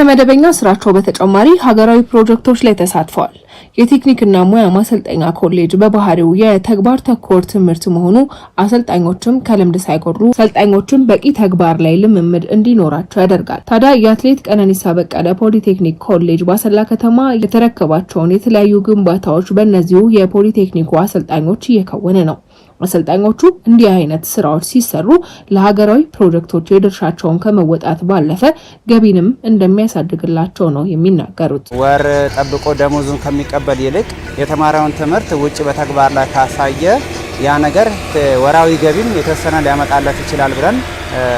ከመደበኛ ስራቸው በተጨማሪ ሀገራዊ ፕሮጀክቶች ላይ ተሳትፈዋል። የቴክኒክና ሙያ ማሰልጠኛ ኮሌጅ በባህሪው የተግባር ተኮር ትምህርት መሆኑ አሰልጣኞችም ከልምድ ሳይጎድሉ ሰልጣኞችም በቂ ተግባር ላይ ልምምድ እንዲኖራቸው ያደርጋል። ታዲያ የአትሌት ቀነኒሳ በቀለ ፖሊቴክኒክ ኮሌጅ በአሰላ ከተማ የተረከባቸውን የተለያዩ ግንባታዎች በእነዚሁ የፖሊቴክኒኩ አሰልጣኞች እየከወነ ነው። አሰልጣኞቹ እንዲህ አይነት ስራዎች ሲሰሩ ለሀገራዊ ፕሮጀክቶች የድርሻቸውን ከመወጣት ባለፈ ገቢንም እንደሚያሳድግላቸው ነው የሚናገሩት። ወር ጠብቆ ደሞዙን ከሚቀበል ይልቅ የተማሪውን ትምህርት ውጭ በተግባር ላይ ካሳየ ያ ነገር ወራዊ ገቢም የተወሰነ ሊያመጣለት ይችላል ብለን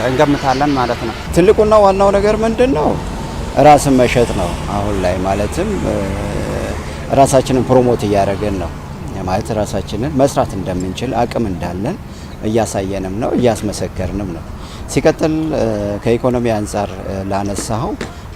እንገምታለን ማለት ነው። ትልቁና ዋናው ነገር ምንድን ነው? ራስን መሸጥ ነው። አሁን ላይ ማለትም ራሳችንን ፕሮሞት እያደረግን ነው ማለት ራሳችንን መስራት እንደምንችል አቅም እንዳለን እያሳየንም ነው እያስመሰከርንም ነው። ሲቀጥል ከኢኮኖሚ አንጻር ላነሳኸው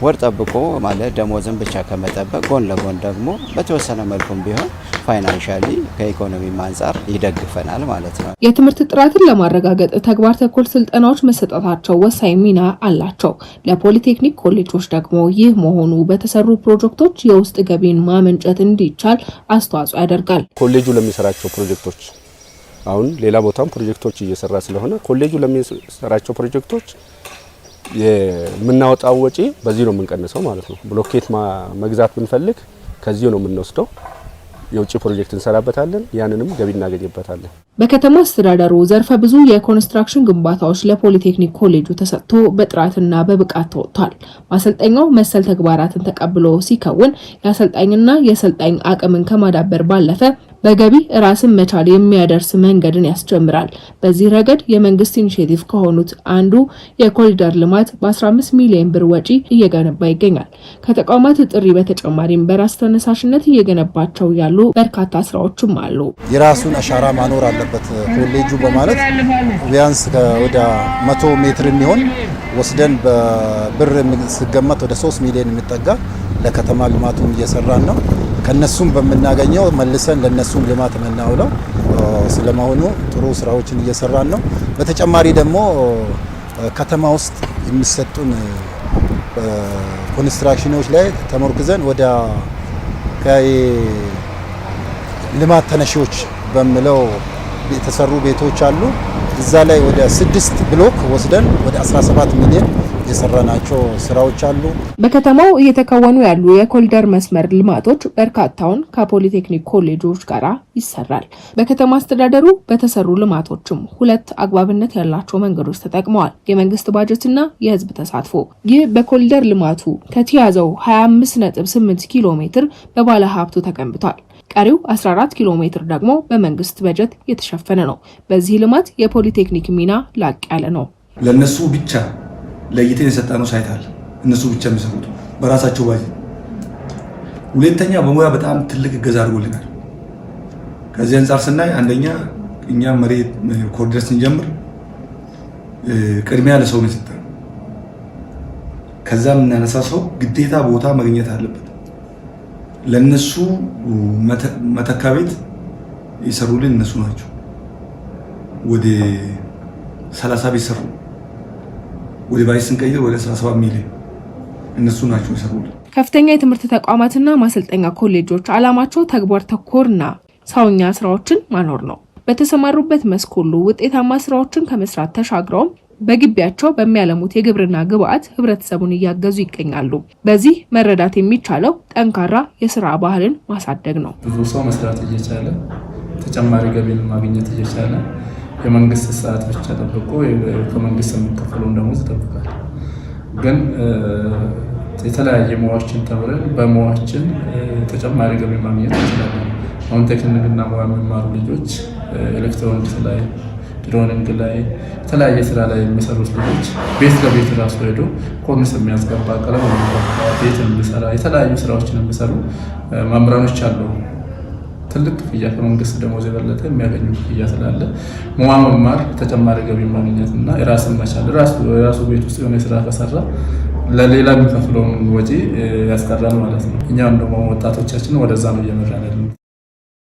ወር ጠብቆ ማለት ደሞዝን ብቻ ከመጠበቅ ጎን ለጎን ደግሞ በተወሰነ መልኩም ቢሆን ፋይናንሻሊ ከኢኮኖሚም አንጻር ይደግፈናል ማለት ነው። የትምህርት ጥራትን ለማረጋገጥ ተግባር ተኮር ስልጠናዎች መሰጠታቸው ወሳኝ ሚና አላቸው። ለፖሊቴክኒክ ኮሌጆች ደግሞ ይህ መሆኑ በተሰሩ ፕሮጀክቶች የውስጥ ገቢን ማመንጨት እንዲቻል አስተዋጽኦ ያደርጋል። ኮሌጁ ለሚሰራቸው ፕሮጀክቶች አሁን ሌላ ቦታም ፕሮጀክቶች እየሰራ ስለሆነ ኮሌጁ ለሚሰራቸው ፕሮጀክቶች የምናወጣው ወጪ በዚህ ነው የምንቀንሰው ማለት ነው። ብሎኬት መግዛት ብንፈልግ ከዚሁ ነው የምንወስደው። የውጭ ፕሮጀክት እንሰራበታለን፣ ያንንም ገቢ እናገኝበታለን። በከተማ አስተዳደሩ ዘርፈ ብዙ የኮንስትራክሽን ግንባታዎች ለፖሊቴክኒክ ኮሌጁ ተሰጥቶ በጥራትና በብቃት ተወጥቷል። ማሰልጠኛው መሰል ተግባራትን ተቀብሎ ሲከውን የአሰልጣኝና የሰልጣኝ አቅምን ከማዳበር ባለፈ በገቢ ራስን መቻል የሚያደርስ መንገድን ያስጀምራል። በዚህ ረገድ የመንግስት ኢኒሽቲቭ ከሆኑት አንዱ የኮሪደር ልማት በ15 ሚሊዮን ብር ወጪ እየገነባ ይገኛል። ከተቋማት ጥሪ በተጨማሪም በራስ ተነሳሽነት እየገነባቸው ያሉ በርካታ ስራዎችም አሉ። የራሱን አሻራ ማኖር አለበት ኮሌጁ በማለት ቢያንስ ወደ መቶ ሜትር የሚሆን ወስደን በብር ስገመት ወደ 3 ሚሊዮን የሚጠጋ ለከተማ ልማቱን እየሰራን ነው። ከነሱም በምናገኘው መልሰን ለነሱም ልማት የምናውለው ስለመሆኑ ጥሩ ስራዎችን እየሰራን ነው። በተጨማሪ ደግሞ ከተማ ውስጥ የሚሰጡን ኮንስትራክሽኖች ላይ ተመርኩዘን ወደ ልማት ተነሺዎች በሚለው የተሰሩ ቤቶች አሉ። እዛ ላይ ወደ ስድስት ብሎክ ወስደን ወደ 17 ሚሊዮን የሰራናቸው ስራዎች አሉ። በከተማው እየተከወኑ ያሉ የኮሪደር መስመር ልማቶች በርካታውን ከፖሊቴክኒክ ኮሌጆች ጋር ይሰራል። በከተማ አስተዳደሩ በተሰሩ ልማቶችም ሁለት አግባብነት ያላቸው መንገዶች ተጠቅመዋል፤ የመንግስት ባጀትና የህዝብ ተሳትፎ። ይህ በኮሪደር ልማቱ ከተያዘው 25.8 ኪሎ ሜትር በባለ ሀብቱ ተቀንብቷል። ቀሪው 14 ኪሎ ሜትር ደግሞ በመንግስት በጀት የተሸፈነ ነው። በዚህ ልማት የፖሊቴክኒክ ሚና ላቅ ያለ ነው። ለእነሱ ብቻ ለይተን የሰጠነው ሳይት አለ። እነሱ ብቻ የሚሰሩት በራሳቸው ባጀት። ሁለተኛ በሙያ በጣም ትልቅ እገዛ አድርጎልናል። ከዚህ አንጻር ስናይ አንደኛ እኛ መሬት ኮሪደር ስንጀምር ቅድሚያ ለሰው ነው የሰጠነው። ከዛ የምናነሳ ሰው ግዴታ ቦታ ማግኘት አለበት። ለነሱ መተካ ቤት የሰሩልን እነሱ ናቸው። ወደ 30 ቤት ሰሩ። ወደ ባይ ስንቀይር ወደ 17 ሚሊዮን እነሱ ናቸው የሰሩልን። ከፍተኛ የትምህርት ተቋማትና ማሰልጠኛ ኮሌጆች አላማቸው ተግባር ተኮርና ሰውኛ ስራዎችን ማኖር ነው። በተሰማሩበት መስክ ሁሉ ውጤታማ ስራዎችን ከመስራት ተሻግረውም በግቢያቸው በሚያለሙት የግብርና ግብዓት ህብረተሰቡን እያገዙ ይገኛሉ። በዚህ መረዳት የሚቻለው ጠንካራ የስራ ባህልን ማሳደግ ነው። ብዙ ሰው መስራት እየቻለ ተጨማሪ ገቢን ማግኘት እየቻለ የመንግስት ሰዓት ብቻ ጠብቆ ከመንግስት የሚከፈለውን ደሞዝ ይጠብቃል። ግን የተለያየ ሙያዎችን ተምረን በሙያችን ተጨማሪ ገቢ ማግኘት ይችላለን። አሁን ቴክኒክና ሙያ የሚማሩ ልጆች ኤሌክትሮኒክስ ላይ ድሮኒንግ ላይ የተለያየ ስራ ላይ የሚሰሩ ሰዎች ቤት ለቤት ራሱ ሄዶ ኮርኒስ የሚያስገባ ቀለም ቤት የሚሰራ የተለያዩ ስራዎችን የሚሰሩ መምህራኖች አሉ። ትልቅ ክፍያ ከመንግስት ደሞዝ የበለጠ የሚያገኙ ክፍያ ስላለ መማር መማር ተጨማሪ ገቢ ማግኘት እና የራስን መቻል የራሱ ቤት ውስጥ የሆነ ስራ ከሰራ ለሌላ የሚከፍለውን ወጪ ያስቀራል ማለት ነው። እኛም ደግሞ ወጣቶቻችን ወደዛ ነው ያለ